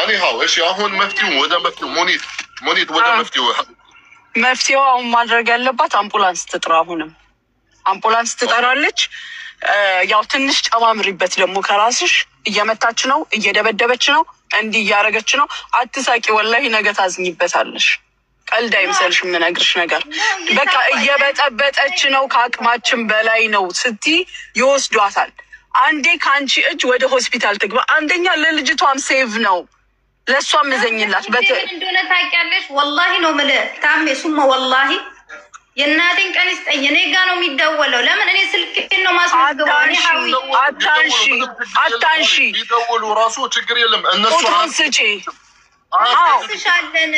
እኔ ሀው እሺ፣ አሁን መፍትሄው ወደ መፍትሄው ሙኒት ሙኒት ወደ መፍትሄው መፍትሄው አሁን ማድረግ ያለባት አምቡላንስ ትጥራ። አሁንም አምቡላንስ ትጠራለች። ያው ትንሽ ጨማምሪበት ደግሞ ከራስሽ እየመታች ነው፣ እየደበደበች ነው፣ እንዲህ እያደረገች ነው። አትሳቂ፣ ወላሂ ነገ ታዝኝበታለሽ። ቀልድ አይምሰልሽ የምነግርሽ ነገር። በቃ እየበጠበጠች ነው፣ ከአቅማችን በላይ ነው ስቲ ይወስዷታል። አንዴ ከአንቺ እጅ ወደ ሆስፒታል ትግባ። አንደኛ ለልጅቷም ሴቭ ነው። ለእሷም እዘኝላት እንደሆነ ታውቂያለሽ። ወላሂ ነው የምልህ ታሜ ሱማ ወላሂ የእናቴን ቀን ይስጠኝ። እኔ ጋ ነው የሚደወለው። ለምን እኔ ስልኬን ነው ማስመዝገበው። አታንሺ ይደውሉ ራሱ ችግር የለም። ቁጥሩን ስጪ ስሻለን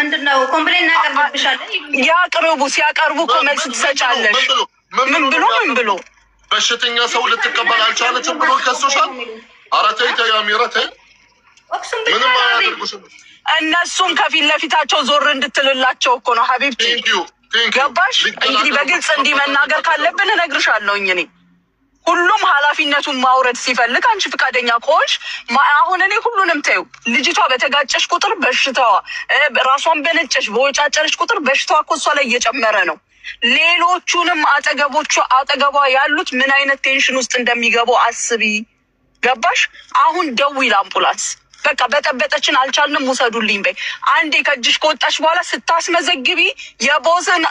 ምንድን ነው ኮምፕሌን እናቀርብብሻለን። ያቅርቡ ሲያቀርቡ እኮ ትሰጫለሽ። ምን ብሎ ምን ብሎ በሽተኛ ሰው ልትቀበል አልቻለችም ብሎ ከሶሻል። ኧረ ተይ እነሱም ከፊት ለፊታቸው ዞር እንድትልላቸው እኮ ነው ሀቢብቲ። ገባሽ? እንግዲህ በግልጽ እንዲህ መናገር ካለብን እነግርሻለሁ። እኔ ሁሉም ኃላፊነቱን ማውረድ ሲፈልግ አንቺ ፈቃደኛ ከሆንሽ አሁን እኔ ሁሉንም ተይው። ልጅቷ በተጋጨሽ ቁጥር በሽታዋ ራሷን በነጨሽ በወጫጨረሽ ቁጥር በሽታዋ እኮ እሷ ላይ እየጨመረ ነው። ሌሎቹንም አጠገቦቹ አጠገቧ ያሉት ምን አይነት ቴንሽን ውስጥ እንደሚገቡ አስቢ። ገባሽ? አሁን ደውዪ ለአምቡላንስ በቃ በጠበጠችን፣ አልቻልንም፣ ውሰዱልኝ በይ። አንዴ ከእጅሽ ከወጣሽ በኋላ ስታስመዘግቢ የቦስን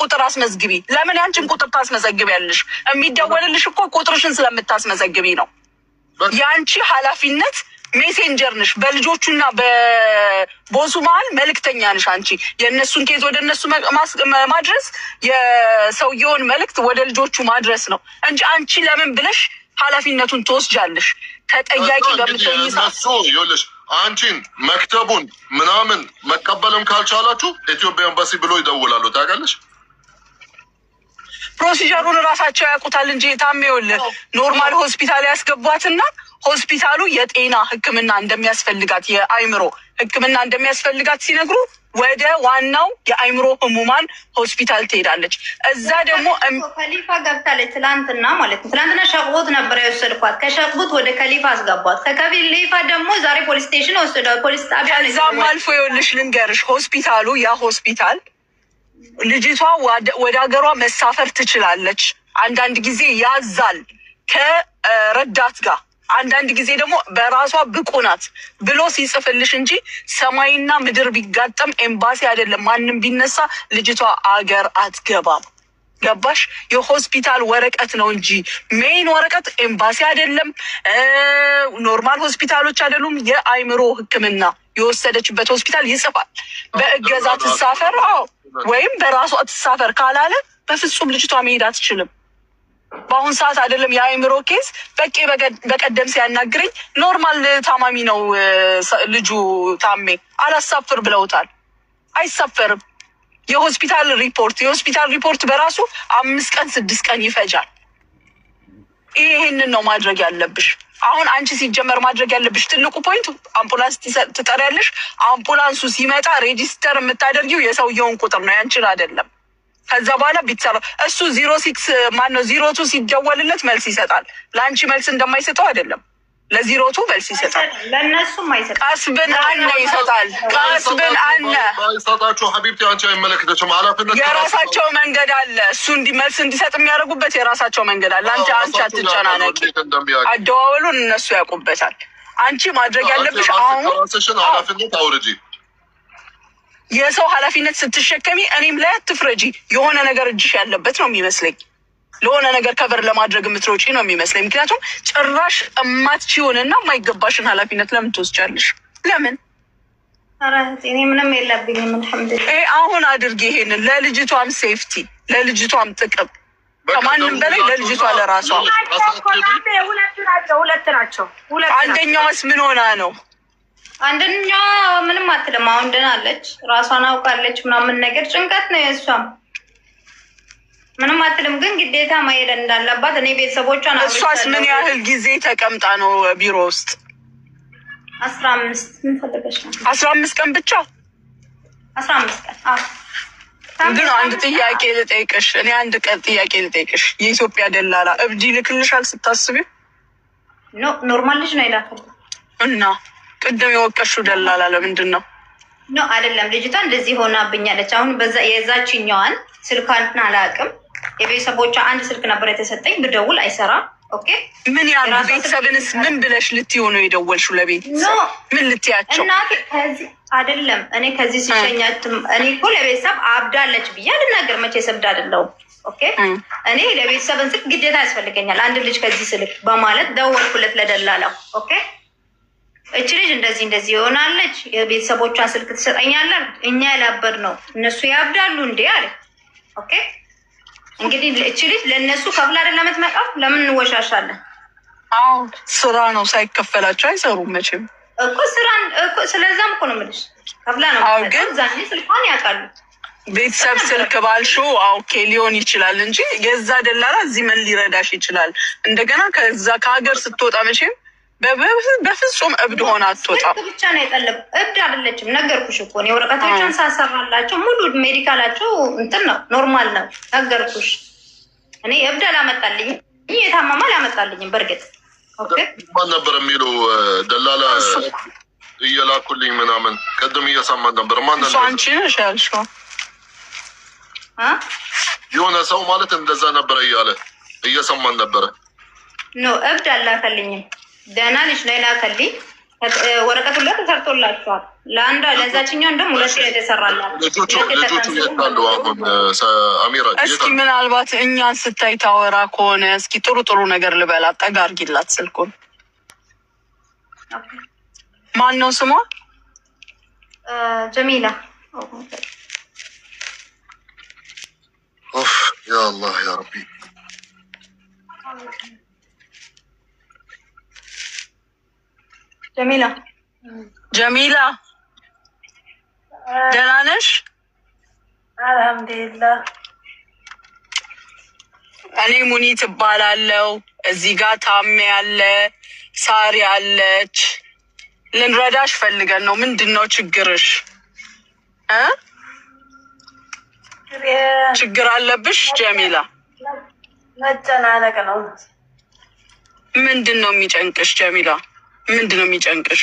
ቁጥር አስመዝግቢ። ለምን ያንቺን ቁጥር ታስመዘግቢያለሽ? የሚደወልልሽ እኮ ቁጥርሽን ስለምታስመዘግቢ ነው። የአንቺ ኃላፊነት ሜሴንጀር ነሽ። በልጆቹና በቦሱ መሀል መልእክተኛ ነሽ አንቺ። የእነሱን ኬዝ ወደ እነሱ ማድረስ፣ የሰውየውን መልእክት ወደ ልጆቹ ማድረስ ነው እንጂ አንቺ ለምን ብለሽ ኃላፊነቱን ትወስጃለሽ። ተጠያቂ በምትሆኝ አንቺን መክተቡን ምናምን መቀበልም ካልቻላችሁ ኢትዮጵያ ኤምባሲ ብሎ ይደውላሉ። ታውቃለሽ ፕሮሲጀሩን እራሳቸው ያውቁታል እንጂ ታም ይኸውልህ ኖርማል ሆስፒታል ያስገቧትና ሆስፒታሉ የጤና ሕክምና እንደሚያስፈልጋት የአይምሮ ሕክምና እንደሚያስፈልጋት ሲነግሩ ወደ ዋናው የአይምሮ ህሙማን ሆስፒታል ትሄዳለች። እዛ ደግሞ ከሊፋ ገብታለች። ትላንትና ማለት ነው። ትላንትና ሸቅቡት ነበረ የወሰድኳት። ከሸቅቡት ወደ ከሊፋ አስገቧት። ከከሊፋ ደግሞ ዛሬ ፖሊስ ስቴሽን ወስደዋል። ፖሊስ ጣቢያ ከዛም አልፎ የወልሽ ልንገርሽ፣ ሆስፒታሉ ያ ሆስፒታል ልጅቷ ወደ ሀገሯ መሳፈር ትችላለች። አንዳንድ ጊዜ ያዛል ከረዳት ጋር አንዳንድ ጊዜ ደግሞ በራሷ ብቁ ናት ብሎ ሲጽፍልሽ እንጂ ሰማይና ምድር ቢጋጠም ኤምባሲ አይደለም ማንም ቢነሳ ልጅቷ አገር አትገባም። ገባሽ? የሆስፒታል ወረቀት ነው እንጂ ሜይን ወረቀት ኤምባሲ አይደለም፣ ኖርማል ሆስፒታሎች አይደሉም። የአይምሮ ሕክምና የወሰደችበት ሆስፒታል ይጽፋል። በእገዛ ትሳፈር ወይም በራሷ ትሳፈር ካላለ በፍጹም ልጅቷ መሄድ አትችልም። በአሁን ሰዓት አይደለም የአእምሮ ኬዝ በቄ በቀደም ሲያናግረኝ ኖርማል ታማሚ ነው ልጁ ታሜ አላሳፍር ብለውታል። አይሳፈርም። የሆስፒታል ሪፖርት የሆስፒታል ሪፖርት በራሱ አምስት ቀን ስድስት ቀን ይፈጃል። ይህንን ነው ማድረግ ያለብሽ። አሁን አንቺ ሲጀመር ማድረግ ያለብሽ ትልቁ ፖይንት አምቡላንስ ትጠሪያለሽ። አምቡላንሱ ሲመጣ ሬጂስተር የምታደርጊው የሰውየውን ቁጥር ነው ያንችን አይደለም። ከዛ በኋላ ቢትሰራ እሱ ዚሮ ሲክስ ማነው ዚሮ ቱ ሲደወልለት መልስ ይሰጣል። ለአንቺ መልስ እንደማይሰጠው አይደለም፣ ለዚሮ ቱ መልስ ይሰጣል። ቀስብን አነ ይሰጣል። ቀስብን አነ ይሰጣችሁ ሀቢብቲ፣ አንቺ አይመለከተችም። ኃላፊነት የራሳቸው መንገድ አለ። እሱ መልስ እንዲሰጥ የሚያደርጉበት የራሳቸው መንገድ አለ። አንቺ አንቺ አትጨናነቂ። አደዋወሉን እነሱ ያውቁበታል። አንቺ ማድረግ ያለብሽ አሁን ራስሽን ኃላፊነት አውርጂ የሰው ኃላፊነት ስትሸከሚ እኔም ላይ አትፍረጂ። የሆነ ነገር እጅሽ ያለበት ነው የሚመስለኝ። ለሆነ ነገር ከበር ለማድረግ የምትሮጪ ነው የሚመስለኝ። ምክንያቱም ጭራሽ እማትችይውንና የማይገባሽን ኃላፊነት ለምን ትወስጃለሽ? ለምን ምንም አሁን አድርጊ ይሄንን ለልጅቷም ሴፍቲ፣ ለልጅቷም ጥቅም ከማንም በላይ ለልጅቷ ለራሷ። ሁለት ናቸው። አንደኛዋስ ምን ሆና ነው አንደኛ ምንም አትልም። አሁን ደህና አለች፣ ራሷን አውቃለች ምናምን ነገር ጭንቀት ነው የእሷም ምንም አትልም። ግን ግዴታ ማሄድ እንዳለባት እኔ ቤተሰቦቿን እሷስ ምን ያህል ጊዜ ተቀምጣ ነው ቢሮ ውስጥ? አስራ አምስት ምን ፈልገሽ ነው? አስራ አምስት ቀን ብቻ አስራ አምስት ቀን ግን አንድ ጥያቄ ልጠይቅሽ። እኔ አንድ ቀን ጥያቄ ልጠይቅሽ። የኢትዮጵያ ደላላ እብድ ይልክልሻል ስታስቢ? ኖርማል ልጅ ነው ይላካል እና ቅድም የወቀሽው ደላላ ለምንድን ነው? ኖ አይደለም። ልጅቷ እንደዚህ ሆናብኛለች። አሁን በዛ የዛችኛዋን ስልኳን አላውቅም። የቤተሰቦቿ አንድ ስልክ ነበር የተሰጠኝ፣ ብደውል አይሰራም። ኦኬ ምን ያሉ ቤተሰብንስ ምን ብለሽ ልትዩ ነው የደወልሽው? ለቤተሰብ ምን ልትያቸው? አይደለም እኔ ከዚህ ሲሸኛት እኔ እኮ ለቤተሰብ አብዳለች ብዬ ልናገር መቼ ሰብድ አይደለሁም። ኦኬ እኔ ለቤተሰብ እንስት ግዴታ ያስፈልገኛል አንድ ልጅ ከዚህ ስልክ በማለት ደወልኩለት ለደላላው። ኦኬ እች ልጅ እንደዚህ እንደዚህ ይሆናለች፣ የቤተሰቦቿን ስልክ ትሰጠኛለን፣ እኛ ያላበድ ነው እነሱ ያብዳሉ እንዴ አለ። ኦኬ እንግዲህ እች ልጅ ለእነሱ ከፍላ አይደል ለምትመጣው፣ ለምን እንወሻሻለን? አዎ ስራ ነው፣ ሳይከፈላቸው አይሰሩም መቼም እኮ ስራን እኮ ስለዛም እኮ ነው የምልሽ፣ ከፍላ ነው ግን ዛኔ ስልኳን ያውቃሉ። ቤተሰብ ስልክ ባልሹ ኦኬ ሊሆን ይችላል እንጂ የዛ ደላላ እዚህ ምን ሊረዳሽ ይችላል? እንደገና ከዛ ከሀገር ስትወጣ መቼም በፍጹም እብድ ሆና አትወጣም። ብቻ ነው የጠለብ እብድ አይደለችም። ነገርኩሽ እኮ ነው ወረቀቶችን ሳሰራላቸው ሙሉ ሜዲካላቸው እንትን ነው ኖርማል ነው። ነገርኩሽ እኔ እብድ አላመጣልኝ ይህ የታመማ አላመጣልኝም። በእርግጥ ማን ነበር የሚለው ደላላ እየላኩልኝ ምናምን ቅድም እየሰማን ነበር። ማን አንቺ ነሽ ያልሽው የሆነ ሰው ማለት እንደዛ ነበረ እያለ እየሰማን ነበረ። ኖ እብድ አላከልኝም ደህና ልጅ ላይ ላከልኝ። ወረቀቱ ላይ ተሰርቶላችኋል። ለአንዳ ለዛችኛው እንደም ሁለት ላይ ተሰራላችሁ። እስኪ ምናልባት እኛን ስታይ ታወራ ከሆነ እስኪ ጥሩ ጥሩ ነገር ልበላት። ጠጋ አርጊላት ስልኩን። ማን ነው ስሟ? ጀሚላ ያ አላህ ያ ረቢ ጀሚላ ጀሚላ ደህና ነሽ? አልሐምዱሊላህ። እኔ ሙኒት እባላለሁ። እዚህ ጋር ታሜ ያለ ሳሪ አለች። ልንረዳሽ ፈልገን ነው። ምንድን ነው ችግርሽ? ችግር አለብሽ ጀሚላ? መጨናነቅ ነው። ምንድን ነው የሚጨንቅሽ ጀሚላ? ምንድን ነው የሚጨንቅሽ?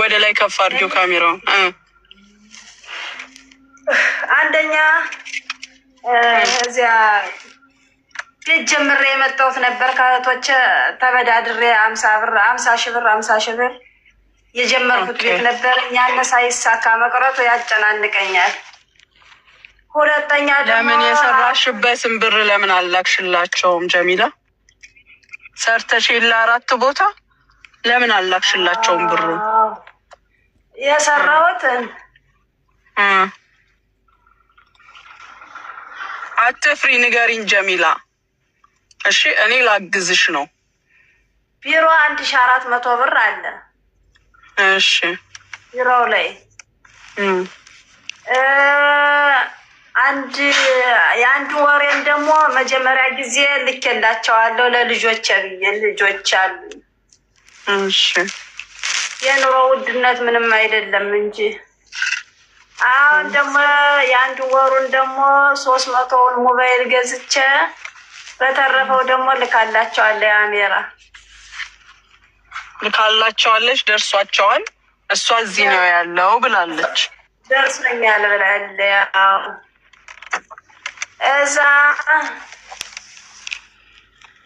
ወደ ላይ ከፍ አድርጊው ካሜራውን። አንደኛ እዚያ ቤት ጀምሬ የመጣሁት ነበር ከእህቶቼ ተበዳድሬ አምሳ ብር አምሳ ሺህ ብር አምሳ ሺህ ብር የጀመርኩት ቤት ነበር። ያነ ሳይሳካ መቅረቱ ያጨናንቀኛል። ሁለተኛ ደግሞ ለምን የሰራሽበትን ብር ለምን አላክሽላቸውም ጀሚላ? ሰርተሽ የለ አራት ቦታ ለምን አላክሽላቸውም? ብሩ የሰራሁትን አትፍሪ፣ ንገሪን ጀሚላ። እሺ እኔ ላግዝሽ ነው። ቢሮ አንድ ሺ አራት መቶ ብር አለ። እሺ ቢሮው ላይ አንድ የአንድ ወሬን ደግሞ መጀመሪያ ጊዜ ልኬላቸዋለሁ ለልጆች ብዬ ልጆች አሉ። እሺ የኑሮ ውድነት ምንም አይደለም እንጂ አሁን ደግሞ የአንድ ወሩን ደግሞ ሶስት መቶውን ሞባይል ገዝቼ በተረፈው ደግሞ ልካላቸዋለሁ። የአሜራ ልካላቸዋለች፣ ደርሷቸዋል። እሷ እዚህ ነው ያለው ብላለች። ደርሶኛል ብላለች። እዛ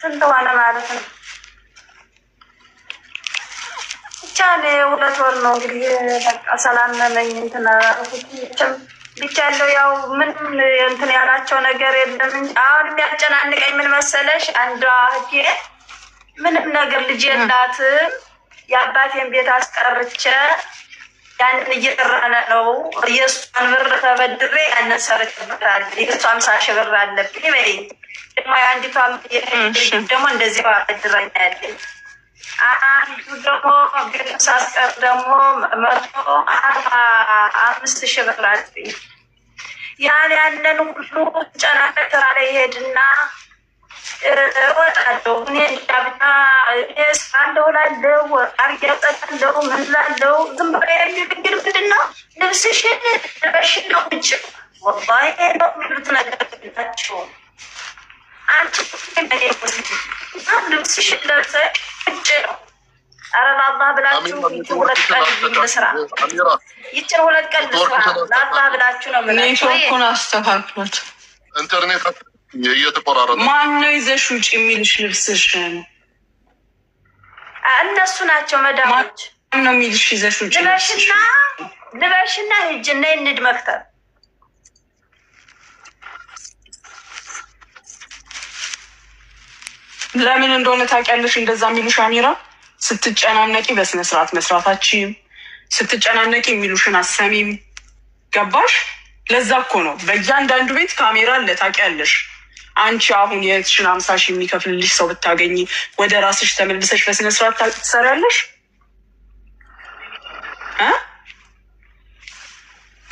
ስንት ሆነ ማለት ነው? ብቻ ሁለት ወር ነው እንግዲህ በቃ ሰላመመኝ እንትን ብቻ ያለው ያው ምንም እንትን ያላቸው ነገር የለም። አሁን የሚያጨናንቀኝ ምን መሰለሽ? አንዷ ህቴ ምንም ነገር ልጅ የላትም የአባቴን ቤት አስቀርቼ ያንን እየጠራነ ነው። የእሷን ብር ተበድሬ ያንን ሰርችበታል። የእሷ አምሳ ሺህ ብር አለብኝ በይ ደግሞ የአንዲቷ ደግሞ እንደዚህ በድራኛለ አንዱ ደግሞ ቤተሳስቀር ደግሞ መቶ አርባ አምስት ሺህ ብር አለብኝ። ያን ያንን ሁሉ ጨናነ ተራ ላይ ይሄድና እወጣለሁ። እኔ ዳብታ ስፋለሁ፣ ላለው አርጌ ጠጣለሁ፣ ምን ላለው ዝም ምንድን ነው ልብስሽን ልበሽ ነው ነው ነገር ናቸው። አንቺ ልብስሽን ለብሰ ነው ብላችሁ ሁለት ቀን ልስራ፣ ይችን ሁለት ቀን ልስራ ብላችሁ ነው። ኔትወርኩን ኢንተርኔት እየተቆራረጠ ማነው ይዘሽ ውጭ የሚልሽ ልብስሽን? እነሱ ናቸው መዳሞች። ማነው የሚልሽ ይዘሽ ውጭ ልበሽና ልበሽና ሂጅ እና ይንድ መክተብ ለምን እንደሆነ ታውቂያለሽ? እንደዛ የሚሉሽ አሚራ፣ ስትጨናነቂ በስነ ስርዓት መስራታችም ስትጨናነቂ የሚሉሽን አሰሚም ገባሽ? ለዛ እኮ ነው በእያንዳንዱ ቤት ካሜራ አለ ታውቂያለሽ። አንቺ አሁን የእህትሽን አምሳ ሺህ የሚከፍልልሽ ሰው ብታገኝ ወደ ራስሽ ተመልሰሽ በስነስርዓት ትሰሪያለሽ?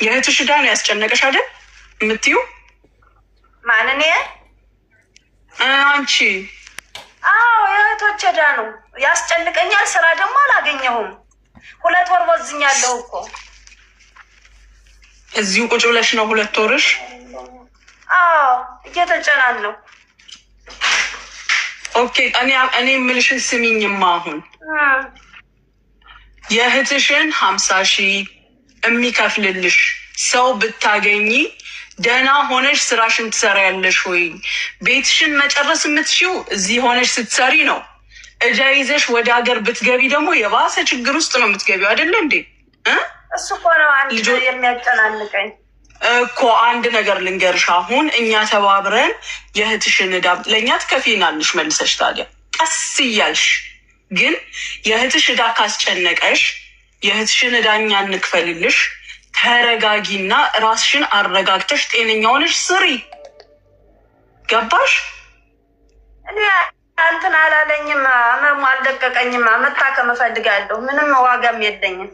የእህትሽ ዕዳ ነው ያስጨነቀሽ አይደል የምትዩ? ማንን? አንቺ? አዎ የእህቶች ዕዳ ነው ያስጨንቀኛል። ስራ ደግሞ አላገኘሁም። ሁለት ወር ወዝኛለሁ እኮ እዚሁ ቁጭ ብለሽ ነው ሁለት ወርሽ አዎ እየተጨናለው። ኦኬ እኔ የምልሽን ስሚኝማ። አሁን የእህትሽን ሀምሳ ሺህ የሚከፍልልሽ ሰው ብታገኝ ደህና ሆነሽ ስራሽን ትሰሪያለሽ ወይ? ቤትሽን መጨረስ የምትሽው እዚህ ሆነሽ ስትሰሪ ነው። እዳ ይዘሽ ወደ ሀገር ብትገቢ ደግሞ የባሰ ችግር ውስጥ ነው የምትገቢው። አይደለ እንዴ? እሱ እኮ ነው አንድ የሚያጨናንቀኝ እኮ አንድ ነገር ልንገርሽ፣ አሁን እኛ ተባብረን የእህትሽን ዕዳ ለእኛ ትከፊናለሽ መልሰሽ። ታዲያ ቀስ እያልሽ ግን የእህትሽ ዕዳ ካስጨነቀሽ የእህትሽን ዕዳ እኛ እንክፈልልሽ። ተረጋጊና ራስሽን አረጋግተሽ ጤነኛ ሆነሽ ስሪ። ገባሽ? እንትን አላለኝም፣ ህመሙ አልደቀቀኝም። መታከም እፈልጋለሁ። ምንም ዋጋም የለኝም።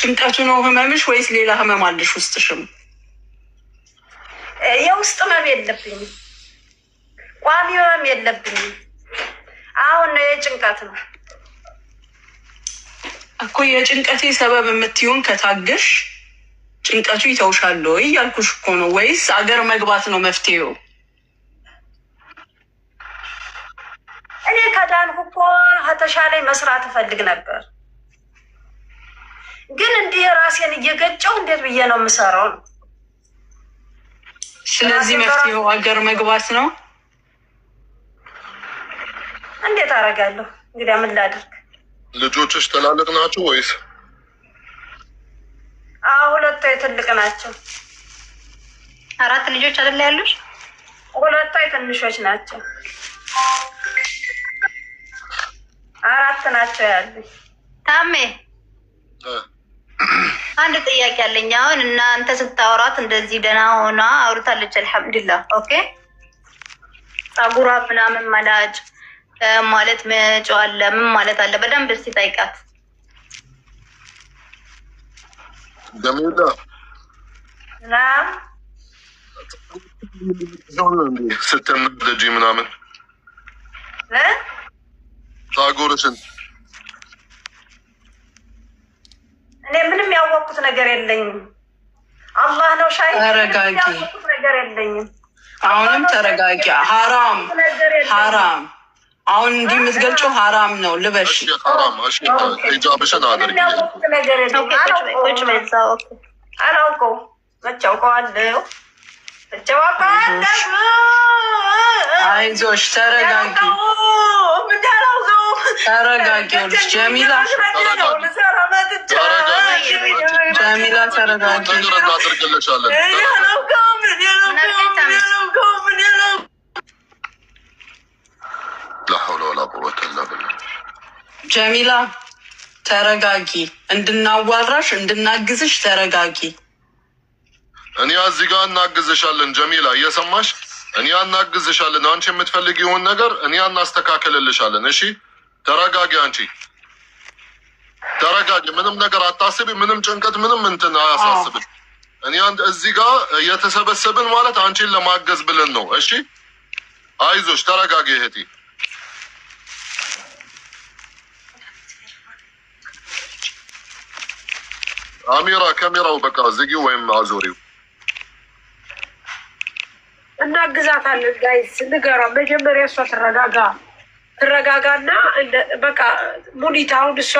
ጭንቀቱ ነው ህመምሽ ወይስ ሌላ ህመም አለሽ ውስጥሽም? የውስጥ ህመም የለብኝም፣ ቋሚ ህመም የለብኝም። አሁን ነው የጭንቀት ነው እኮ የጭንቀቴ ሰበብ የምትሆን ከታገሽ ጭንቀቱ ይተውሻል ወይ ያልኩሽ እኮ ነው። ወይስ አገር መግባት ነው መፍትሄው? እኔ ከዳንኩ እኮ ከተሻለኝ መስራት እፈልግ ነበር ግን እንዲህ ራሴን እየገጨው እንዴት ብዬ ነው የምሰራው? ነው ስለዚህ መፍትሄው ሀገር መግባት ነው። እንዴት አደርጋለሁ እንግዲህ ምን ላድርግ? ልጆችሽ ትላልቅ ናቸው ወይስ? አዎ ሁለቷ ትልቅ ናቸው። አራት ልጆች አይደለ ያሉሽ? ሁለቷ ትንሾች ናቸው። አራት ናቸው ያሉ ታሜ አንድ ጥያቄ አለኝ። አሁን እናንተ ስታወራት እንደዚህ ደህና ሆና አውርታለች። አልሐምዱሊላህ ኦኬ። ጸጉሯ ምናምን መላጭ ማለት መጮ አለ ምን ማለት አለ? በደንብ እስቲ ጠይቃት። ደሚላ ምናምን ጸጉርሽን እኔ ምንም ያወቅኩት ነገር የለኝም። አላህ ነው ሻይ ያወቅኩት ነገር የለኝም። አሁንም ተረጋጊ። ሀራም ሀራም አሁን እንዲህ የምትገልጪው ሀራም ነው። ልበሽ ሂጃብሽን አድርጊ። አይዞሽ ተረጋጊ። ምንዳላውቀ ተረጋጊዎች ጀሚላ ጀሚላ ተረጋጊ። ጀሚላ ተረጋጊ። እንድናዋራሽ እንድናግዝሽ ተረጋጊ። እኛ እዚህ ጋር እናግዝሻለን። ጀሚላ እየሰማሽ እኛ እናግዝሻለን። አንቺ የምትፈልጊውን ነገር እኛ እናስተካክልልሻለን። እሺ ተረጋጊ አንቺ ተረጋጊ። ምንም ነገር አታስቢ። ምንም ጭንቀት፣ ምንም እንትን አያሳስብን። እኔ አንድ እዚህ ጋር እየተሰበሰብን ማለት አንቺን ለማገዝ ብለን ነው። እሺ አይዞሽ፣ ተረጋጊ እህቴ። አሚራ ካሜራው በቃ ዝጊው ወይም አዞሪው። እናግዛታለን ጋይስ፣ ንገሯ መጀመሪያ እሷ ትረጋጋ። ትረጋጋና በቃ ሙኒት አሁን እሷ